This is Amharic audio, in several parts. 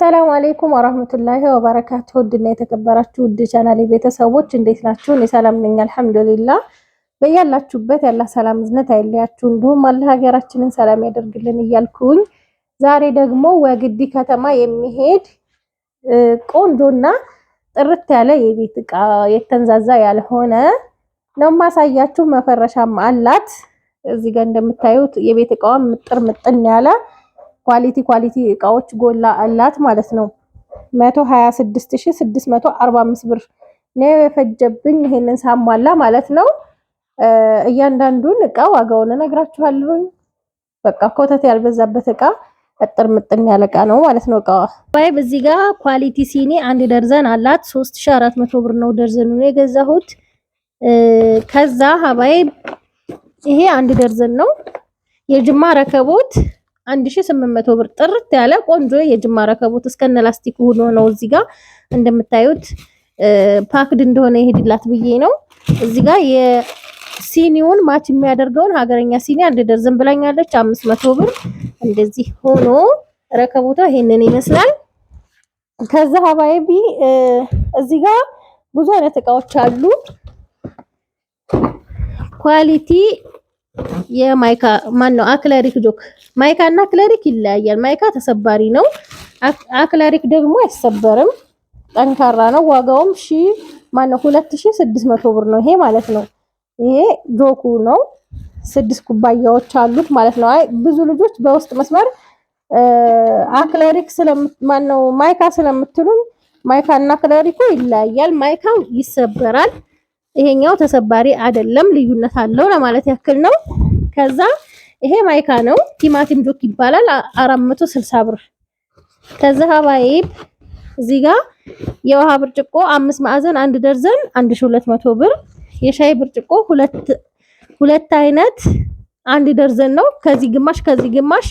ሰላም አለይኩም ወራህመቱላሂ ወበረካቱ። ውድና የተከበራችሁ ውድ ቻናል ቤተሰቦች እንዴት ናችሁ? እኔ ሰላም ነኝ አልሐምዱሊላህ። በያላችሁበት ያላ ሰላም እዝነት አይለያችሁ፣ እንዲሁም አለ ሀገራችንን ሰላም ያደርግልን እያልኩኝ ዛሬ ደግሞ ወግዲ ከተማ የሚሄድ ቆንጆና ጥርት ያለ የቤት እቃ የተንዛዛ ያልሆነ ነው ማሳያችሁ። መፈረሻም አላት እዚህ ጋር እንደምታዩት የቤት እቃዋ ምጥር ምጥን ያለ ኳሊቲ ኳሊቲ እቃዎች ጎላ አላት ማለት ነው። 126645 ብር ነው የፈጀብኝ ይሄንን ሳሟላ ማለት ነው። እያንዳንዱን እቃ ዋጋውን እነግራችኋለሁ። በቃ ኮተት ያልበዛበት እቃ እጥር ምጥን ያለ እቃ ነው ማለት ነው። እቃዋ ባይብ እዚህ ጋር ኳሊቲ ሲኒ አንድ ደርዘን አላት 3400 ብር ነው ደርዘኑ ነው የገዛሁት። ከዛ ሀባይ ይሄ አንድ ደርዘን ነው የጅማ ረከቦት አንድ ሺ ስምንት መቶ ብር ጥርት ያለ ቆንጆ የጅማ ረከቦት እስከነ ላስቲክ ሆኖ ነው። እዚህ ጋር እንደምታዩት ፓክድ እንደሆነ ይሄድላት ብዬ ነው። እዚህ ጋር የሲኒውን ማች የሚያደርገውን ሀገረኛ ሲኒ አንድ ደርዘን ብላኛለች፣ አምስት መቶ ብር። እንደዚህ ሆኖ ረከቦቷ ይሄንን ይመስላል። ከዛ ሀባይቢ እዚህ ጋር ብዙ አይነት እቃዎች አሉ ኳሊቲ የማይካ ማን ነው አክለሪክ ጆክ ማይካ እና አክለሪክ ይለያያል። ማይካ ተሰባሪ ነው። አክለሪክ ደግሞ አይሰበርም፣ ጠንካራ ነው። ዋጋውም ሺ ማን ነው 2600 ብር ነው። ይሄ ማለት ነው ይሄ ጆኩ ነው። ስድስት ኩባያዎች አሉት ማለት ነው። አይ ብዙ ልጆች በውስጥ መስመር አክለሪክ ስለማን ነው ማይካ ስለምትሉኝ ማይካ እና አክለሪኩ ይለያያል። ማይካው ይሰበራል። ይሄኛው ተሰባሪ አይደለም። ልዩነት አለው ለማለት ያክል ነው። ከዛ ይሄ ማይካ ነው። ቲማቲም ጆክ ይባላል። 460 ብር። ከዛ ሀባይብ እዚህ ጋር የውሃ ብርጭቆ አምስት ማዕዘን አንድ ደርዘን 1200 ብር። የሻይ ብርጭቆ ሁለት ሁለት አይነት አንድ ደርዘን ነው። ከዚህ ግማሽ ከዚህ ግማሽ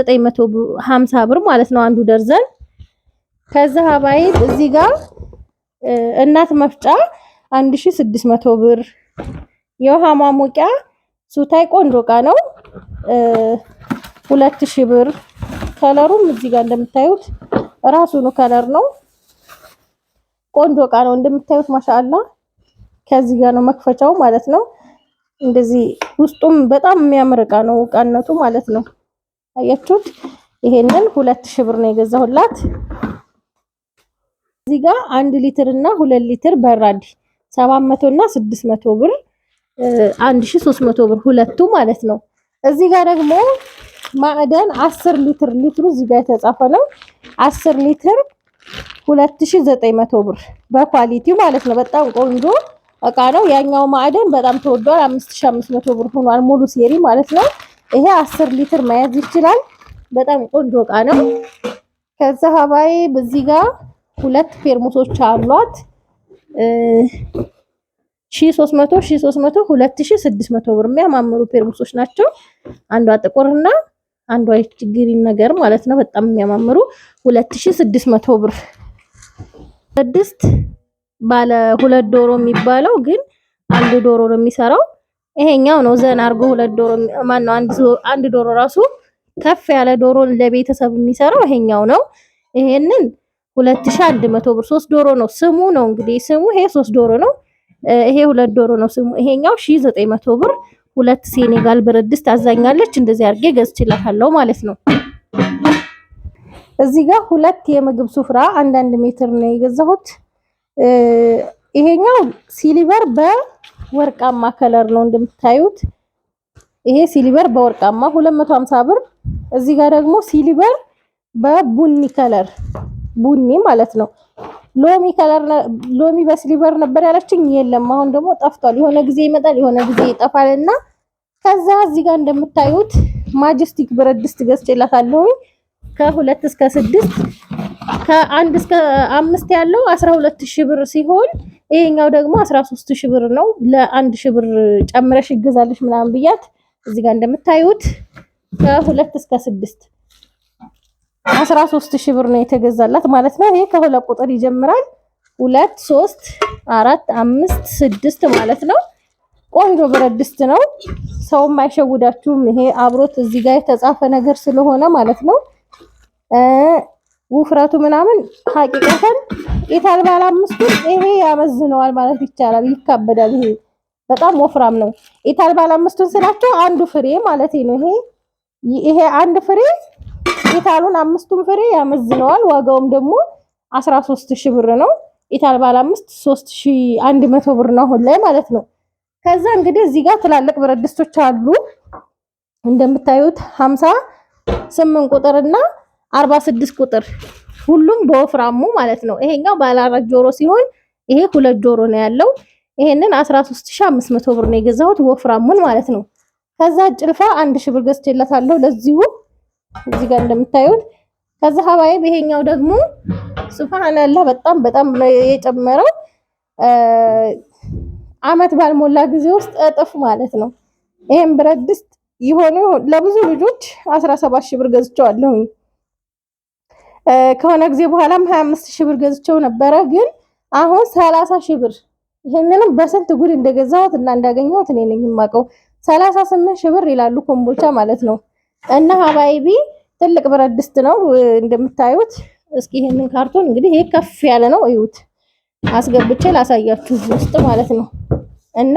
950 ብር ማለት ነው አንዱ ደርዘን። ከዛ ሀባይብ እዚህ ጋር እናት መፍጫ 1600 ብር። የውሃ ማሞቂያ ሱታይ ቆንጆ እቃ ነው። ሁለት ሺህ ብር። ከለሩም እዚህ ጋር እንደምታዩት ራሱኑ ከለር ነው። ቆንጆ እቃ ነው እንደምታዩት ማሻአላ። ከዚህ ጋር ነው መክፈቻው ማለት ነው። እንደዚህ ውስጡም በጣም የሚያምር እቃ ነው እቃነቱ ማለት ነው። አያችሁት? ይሄንን ሁለት ሺህ ብር ነው የገዛሁላት። እዚህ ጋር አንድ ሊትር እና ሁለት ሊትር በራድ ሰባት መቶ እና ስድስት መቶ ብር 1300 ብር ሁለቱ ማለት ነው። እዚህ ጋር ደግሞ ማዕደን 10 ሊትር ሊትሩ እዚህ ጋር የተጻፈ ነው 10 ሊትር 2900 ብር በኳሊቲው ማለት ነው። በጣም ቆንጆ እቃ ነው። ያኛው ማዕደን በጣም ተወዷል፣ 5500 ብር ሆኗል ሙሉ ሴሪ ማለት ነው። ይሄ 10 ሊትር መያዝ ይችላል። በጣም ቆንጆ እቃ ነው። ከዛ ሀባይ በዚህ ጋር ሁለት ፌርሙሶች አሏት። 1300 ብር የሚያማምሩ ፔርሙሶች ናቸው። አንዷ ጥቁርና አንዷ ግሪን ነገር ማለት ነው። በጣም የሚያማምሩ 2600 ብር። ስድስት ባለ ሁለት ዶሮ የሚባለው ግን አንድ ዶሮ ነው የሚሰራው። ይሄኛው ነው ዘን አርጎ ሁለት ዶሮ ነው አንድ ዶሮ ራሱ ከፍ ያለ ዶሮ ለቤተሰብ የሚሰራው ይሄኛው ነው። ይሄንን 2100 ብር ሶስት ዶሮ ነው ስሙ ነው እንግዲህ ስሙ ይሄ ሶስት ዶሮ ነው። ይሄ ሁለት ዶሮ ነው ስሙ። ይሄኛው 1900 ብር ሁለት ሴኔጋል ብረት ድስት አዛኛለች። እንደዚህ አድርጌ ገዝቼላታለሁ ማለት ነው። እዚህ ጋር ሁለት የምግብ ሱፍራ አንዳንድ ሜትር ነው የገዛሁት። ይሄኛው ሲሊቨር በወርቃማ ከለር ነው እንደምታዩት። ይሄ ሲሊቨር በወርቃማ 250 ብር። እዚህ ጋር ደግሞ ሲሊቨር በቡኒ ከለር ቡኒ ማለት ነው ሎሚ ከለር ሎሚ በስሊቨር ነበር ያለችኝ። የለም አሁን ደግሞ ጠፍቷል። የሆነ ጊዜ ይመጣል፣ የሆነ ጊዜ ይጠፋል እና ከዛ እዚህ ጋር እንደምታዩት ማጀስቲክ ብረት ድስት ገዝቼላታለሁ። ከሁለት እስከ ስድስት ከአንድ እስከ አምስት ያለው 12 ሺህ ብር ሲሆን ይሄኛው ደግሞ 13 ሺህ ብር ነው። ለአንድ ሺህ ብር ጨምረሽ ይገዛልሽ ምናምን ብያት እዚህ ጋር እንደምታዩት ከሁለት እስከ ስድስት አስራ ሶስት ሺህ ብር ነው የተገዛላት ማለት ነው። ይሄ ከሁለት ቁጥር ይጀምራል። ሁለት፣ ሶስት፣ አራት፣ አምስት፣ ስድስት ማለት ነው። ቆንጆ ብረት ድስት ነው። ሰውም አይሸውዳችሁም። ይሄ አብሮት እዚህ ጋር የተጻፈ ነገር ስለሆነ ማለት ነው። ውፍረቱ ምናምን ሀቂቀተን ኢታል ባለ አምስቱን ይሄ ያመዝነዋል ማለት ይቻላል። ይካበዳል። ይሄ በጣም ወፍራም ነው። ኢታል ባለ አምስቱን ስላቸው አንዱ ፍሬ ማለት ነው። ይሄ ይሄ አንድ ፍሬ ኢታሉን አምስቱን ፍሬ ያመዝነዋል። ዋጋውም ደግሞ 13 ሺህ ብር ነው። ኢታል ባለ አምስት 3100 ብር ነው አሁን ላይ ማለት ነው። ከዛ እንግዲህ እዚህ ጋር ትላልቅ ብረት ድስቶች አሉ እንደምታዩት 50 ስምንት ቁጥርና 46 ቁጥር ሁሉም በወፍራሙ ማለት ነው። ይሄኛው ባለ አራት ጆሮ ሲሆን ይሄ ሁለት ጆሮ ነው ያለው። ይሄንን 13500 ብር ነው የገዛሁት ወፍራሙን ማለት ነው። ከዛ ጭልፋ አንድ ሽብር ብር ለዚሁ እዚህ ጋር እንደምታዩት። ከዛ ሀባይ ይሄኛው ደግሞ ሱብሃንአላህ በጣም በጣም የጨመረው አመት ባልሞላ ጊዜ ውስጥ እጥፍ ማለት ነው። ይሄን ብረት ድስት የሆኑ ለብዙ ልጆች 17 ሺህ ብር ገዝቼዋለሁኝ። ከሆነ ጊዜ በኋላም 25 ሺህ ብር ገዝቼው ነበረ፣ ግን አሁን 30 ሺህ ብር። ይሄንንም በስንት ጉድ እንደገዛሁት እና እንዳገኘሁት እኔ ነኝ የማውቀው። 38 ሺህ ብር ይላሉ ኮምቦልቻ ማለት ነው። እና ሀባይቢ ትልቅ ብረት ድስት ነው እንደምታዩት። እስኪ ይሄንን ካርቶን እንግዲህ ይሄ ከፍ ያለ ነው እዩት። አስገብቼ ላሳያችሁ ውስጥ ማለት ነው። እና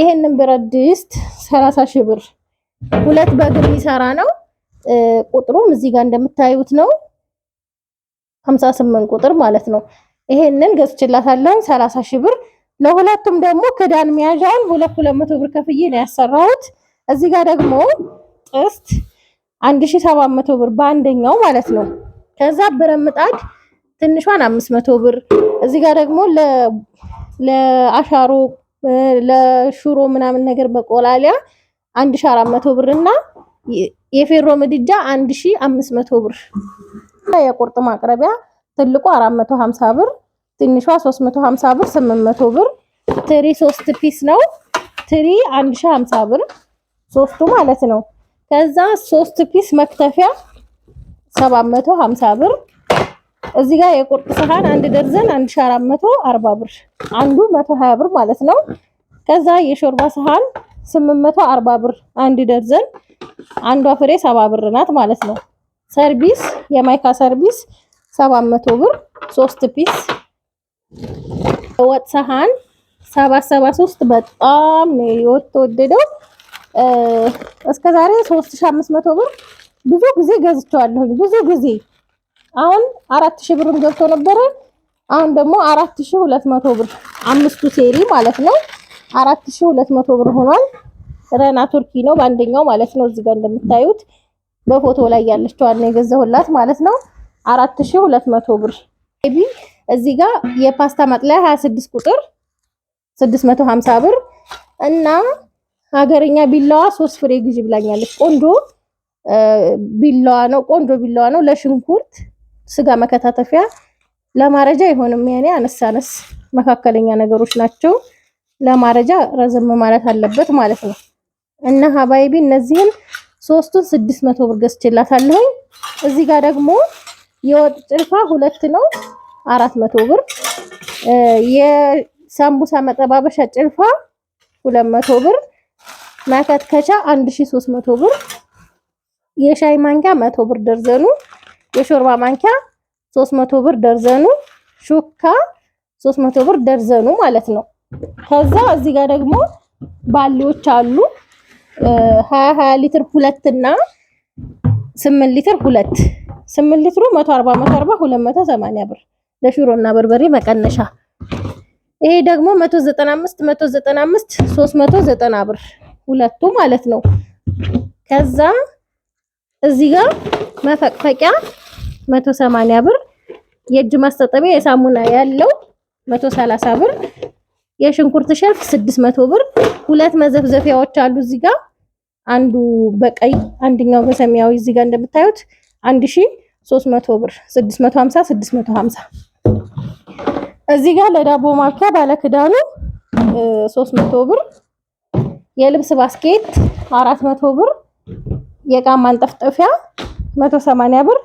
ይሄንን ብረት ድስት 30 ሺህ ብር ሁለት በግር የሚሰራ ነው። ቁጥሩም እዚህ ጋር እንደምታዩት ነው 58 ቁጥር ማለት ነው። ይሄንን ገዝቼላታለሁ 30 ሺህ ብር። ለሁለቱም ደግሞ ክዳን መያዣውን ሁለት ሁለት መቶ ብር ከፍዬ ነው ያሰራሁት። እዚህ ጋር ደግሞ ቅስት መቶ ብር በአንደኛው ማለት ነው። ከዛ ብረት ምጣድ ትንሿን መቶ ብር። እዚህ ጋር ደግሞ ለአሻሮ ለሹሮ ምናምን ነገር መቆላሊያ 1400 ብር እና የፌሮ ምድጃ 1500 ብር። የቁርጥ ማቅረቢያ ትልቁ 450 ብር፣ ትንሿ 350 ብር፣ 800 ብር። ትሪ 3 ፒስ ነው። ትሪ 1050 ብር ሶስቱ ማለት ነው። ከዛ ሶስት ፒስ መክተፊያ 750 ብር። እዚህ ጋር የቁርጥ ሰሃን አንድ ደርዘን 1440 ብር፣ አንዱ 120 ብር ማለት ነው። ከዛ የሾርባ ሰሃን 840 ብር አንድ ደርዘን፣ አንዷ ፍሬ 70 ብር ናት ማለት ነው። ሰርቪስ የማይካ ሰርቪስ 700 ብር ሶስት ፒስ። ወጥ ሰሃን 773 በጣም ነው የተወደደው። እስከ ዛሬ 3500 ብር ብዙ ጊዜ ገዝቼዋለሁ። ብዙ ጊዜ አሁን 4000 ብርም ገብቶ ነበረ። አሁን ደግሞ 4200 ብር አምስቱ ሴሪ ማለት ነው 4200 ብር ሆኗል። ረና ቱርኪ ነው በአንደኛው ማለት ነው። እዚህ ጋር እንደምታዩት በፎቶ ላይ ያለችዋን ነው የገዛሁላት ማለት ነው 4200 ብር ቢ እዚህ ጋር የፓስታ ማጥለያ 26 ቁጥር 650 ብር እና ሀገረኛ ቢላዋ ሶስት ፍሬ ግዢ ብላኛለች። ቆንጆ ቢላዋ ነው፣ ቆንጆ ቢላዋ ነው። ለሽንኩርት ስጋ መከታተፊያ ለማረጃ አይሆንም። ያኔ አነስ አነስ መካከለኛ ነገሮች ናቸው። ለማረጃ ረዘም ማለት አለበት ማለት ነው። እና ሀባይቢ እነዚህን ሶስቱን ስድስት መቶ ብር ገዝቼላታለሁ። እዚህ ጋር ደግሞ የወጥ ጭልፋ ሁለት ነው አራት መቶ ብር። የሳምቡሳ መጠባበሻ ጭልፋ ሁለት መቶ ብር መከትከቻ 1300 ብር፣ የሻይ ማንኪያ 100 ብር ደርዘኑ፣ የሾርባ ማንኪያ 300 ብር ደርዘኑ፣ ሹካ 300 ብር ደርዘኑ ማለት ነው። ከዛ እዚህ ጋር ደግሞ ባሊዎች አሉ 20 ሊትር ሁለት እና 8 ሊትር ሁለት 8 ሊትሩ 140 140 280 ብር ለሽሮ እና በርበሬ መቀነሻ። ይሄ ደግሞ 195 195 390 ብር ሁለቱ ማለት ነው። ከዛ እዚህ ጋር መፈቅፈቂያ 180 ብር፣ የእጅ ማስታጠቢያ የሳሙና ያለው 130 ብር፣ የሽንኩርት ሸልፍ 600 ብር። ሁለት መዘፍዘፊያዎች አሉ እዚህ ጋር አንዱ በቀይ አንደኛው በሰማያዊ እዚህ ጋር እንደምታዩት 1300 ብር 650 650 እዚህ ጋር ለዳቦ ማብኪያ ባለክዳኑ 300 ብር የልብስ ባስኬት 400 ብር፣ የእቃ ማንጠፍጠፊያ 180 ብር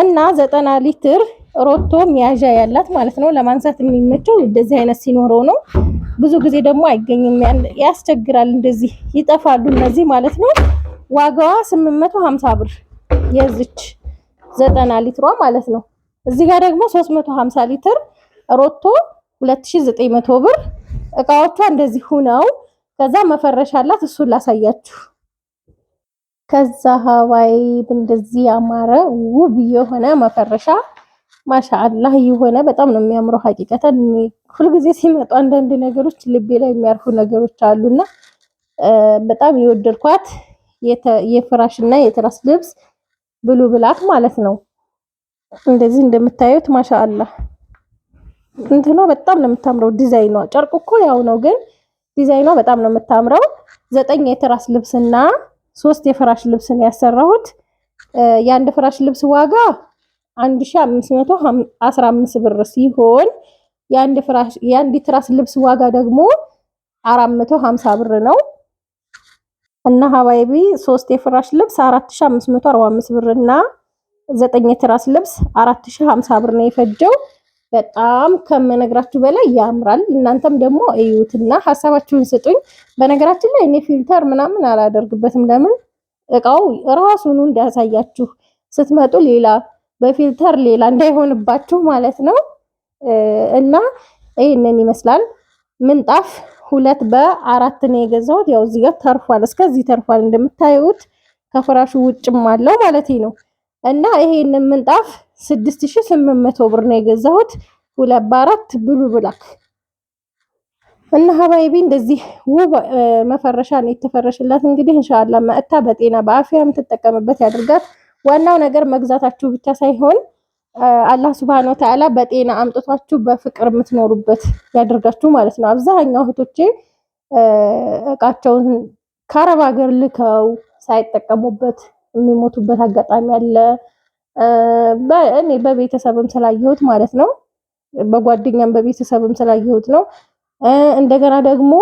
እና 90 ሊትር ሮቶ መያዣ ያላት ማለት ነው። ለማንሳት የሚመቸው እንደዚህ አይነት ሲኖረው ነው። ብዙ ጊዜ ደግሞ አይገኝም፣ ያስቸግራል። እንደዚህ ይጠፋሉ እነዚህ ማለት ነው። ዋጋዋ 850 ብር የዚች 90 ሊትሯ ማለት ነው። እዚህ ጋር ደግሞ 350 ሊትር ሮቶ 2900 ብር። እቃዎቿ እንደዚህ ሁነው ከዛ መፈረሻ አላት። እሱን ላሳያችሁ። ከዛ ሀዋይ እንደዚህ ያማረ ውብ የሆነ መፈረሻ ማሻአላህ የሆነ በጣም ነው የሚያምረው። ሀቂቀተን ሁልጊዜ ሲመጡ አንዳንድ ነገሮች ልቤ ላይ የሚያርፉ ነገሮች አሉና በጣም የወደድኳት የፍራሽና የትራስ ልብስ ብሉ ብላክ ማለት ነው። እንደዚህ እንደምታዩት ማሻአላህ እንትኗ በጣም ነው የምታምረው ዲዛይኗ። ጨርቁ እኮ ያው ነው ግን ዲዛይኗ በጣም ነው የምታምረው። ዘጠኝ የትራስ ልብስና ሶስት የፍራሽ ልብስን ያሰራሁት። የአንድ ፍራሽ ልብስ ዋጋ 1515 ብር ሲሆን የአንድ ፍራሽ የአንድ ትራስ ልብስ ዋጋ ደግሞ 450 ብር ነው እና ሀባይቢ ሶስት የፍራሽ ልብስ 4545 ብር እና ዘጠኝ የትራስ ልብስ 4050 ብር ነው የፈጀው። በጣም ከመነግራችሁ በላይ ያምራል። እናንተም ደግሞ እዩትና ሀሳባችሁን ስጡኝ። በነገራችን ላይ እኔ ፊልተር ምናምን አላደርግበትም። ለምን እቃው ራሱኑ እንዲያሳያችሁ ስትመጡ ሌላ በፊልተር ሌላ እንዳይሆንባችሁ ማለት ነው። እና ይህንን ይመስላል ምንጣፍ ሁለት በአራት ነው የገዛሁት። ያው እዚህ ጋር ተርፏል፣ እስከዚህ ተርፏል እንደምታዩት ከፍራሹ ውጭም አለው ማለት ነው። እና ይሄንን ምንጣፍ ስድስት ሺህ ስምንት መቶ ብር ነው የገዛሁት። ሁለት በአራት ብሉ ብላክ እና ሀባይቢ እንደዚህ ውብ መፈረሻ ነው የተፈረሽላት። እንግዲህ እንሻላ መእታ በጤና በአፊያ የምትጠቀምበት ያድርጋት። ዋናው ነገር መግዛታችሁ ብቻ ሳይሆን አላህ ስብሐነ ወተዓላ በጤና አምጥቷችሁ በፍቅር የምትኖሩበት ያደርጋችሁ ማለት ነው። አብዛኛው እህቶቼ እቃቸውን ከአረብ ሀገር ልከው ሳይጠቀሙበት የሚሞቱበት አጋጣሚ አለ። እኔ በቤተሰብም ስላየሁት ማለት ነው፣ በጓደኛም በቤተሰብም ስላየሁት ነው። እንደገና ደግሞ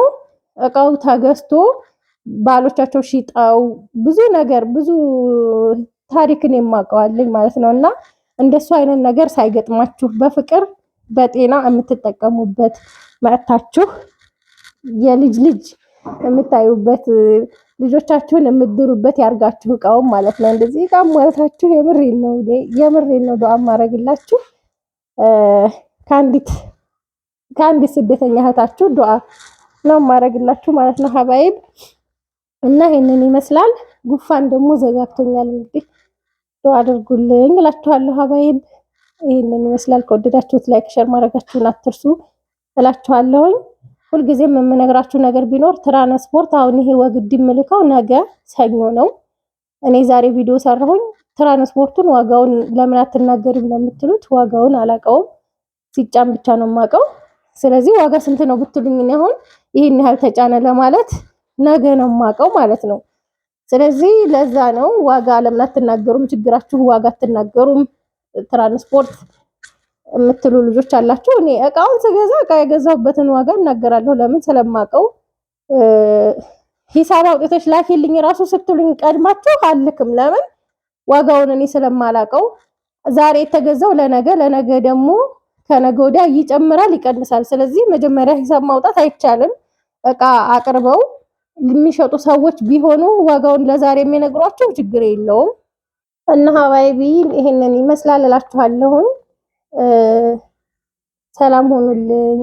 እቃው ተገዝቶ ባሎቻቸው ሽጣው ብዙ ነገር ብዙ ታሪክን የማውቀዋለኝ ማለት ነው። እና እንደሱ አይነት ነገር ሳይገጥማችሁ በፍቅር በጤና የምትጠቀሙበት መጥታችሁ የልጅ ልጅ የምታዩበት ልጆቻችሁን የምትድሩበት ያርጋችሁ እቃውም ማለት ነው። እንደዚህ እቃ ማለታችሁ የምሬን ነው፣ የምሬን ነው። ዱዓ ማረግላችሁ ከአንዲት ከአንዲት ስደተኛ እህታችሁ ዱዓ ነው ማረግላችሁ ማለት ነው። ሀባይብ እና ይህንን ይመስላል። ጉፋን ደግሞ ዘጋግቶኛል። እንግዲህ ዱዓ አድርጉልኝ እላችኋለሁ ሀባይብ። ይሄንን ይመስላል። ከወደዳችሁት ላይክ፣ ሸር ማድረጋችሁን አትርሱ እላችኋለሁኝ። ሁልጊዜም የምነግራችሁ ነገር ቢኖር ትራንስፖርት አሁን ይሄ ወግድ የምልከው ነገ ሰኞ ነው። እኔ ዛሬ ቪዲዮ ሰራሁኝ። ትራንስፖርቱን ዋጋውን ለምን አትናገሪም ለምትሉት ዋጋውን አላውቀውም፣ ሲጫን ብቻ ነው የማውቀው። ስለዚህ ዋጋ ስንት ነው ብትሉኝ እኔ አሁን ይህን ያህል ተጫነ ለማለት ነገ ነው የማውቀው ማለት ነው። ስለዚህ ለዛ ነው ዋጋ ለምን አትናገሩም፣ ችግራችሁ ዋጋ አትናገሩም ትራንስፖርት የምትሉ ልጆች አላችሁ። እኔ እቃውን ስገዛ እቃ የገዛሁበትን ዋጋ እናገራለሁ። ለምን ስለማቀው ሂሳብ አውጥተሽ ላኪልኝ ራሱ ስትሉኝ ቀድማችሁ አልክም። ለምን ዋጋውን እኔ ስለማላቀው ዛሬ የተገዛው ለነገ ለነገ ደግሞ ከነገ ወዲያ ይጨምራል፣ ይቀንሳል። ስለዚህ መጀመሪያ ሂሳብ ማውጣት አይቻልም። እቃ አቅርበው የሚሸጡ ሰዎች ቢሆኑ ዋጋውን ለዛሬ የሚነግሯቸው ችግር የለውም። እና ሀባይቢ ይሄንን ይመስላል እላችኋለሁኝ። ሰላም ሆኑልኝ።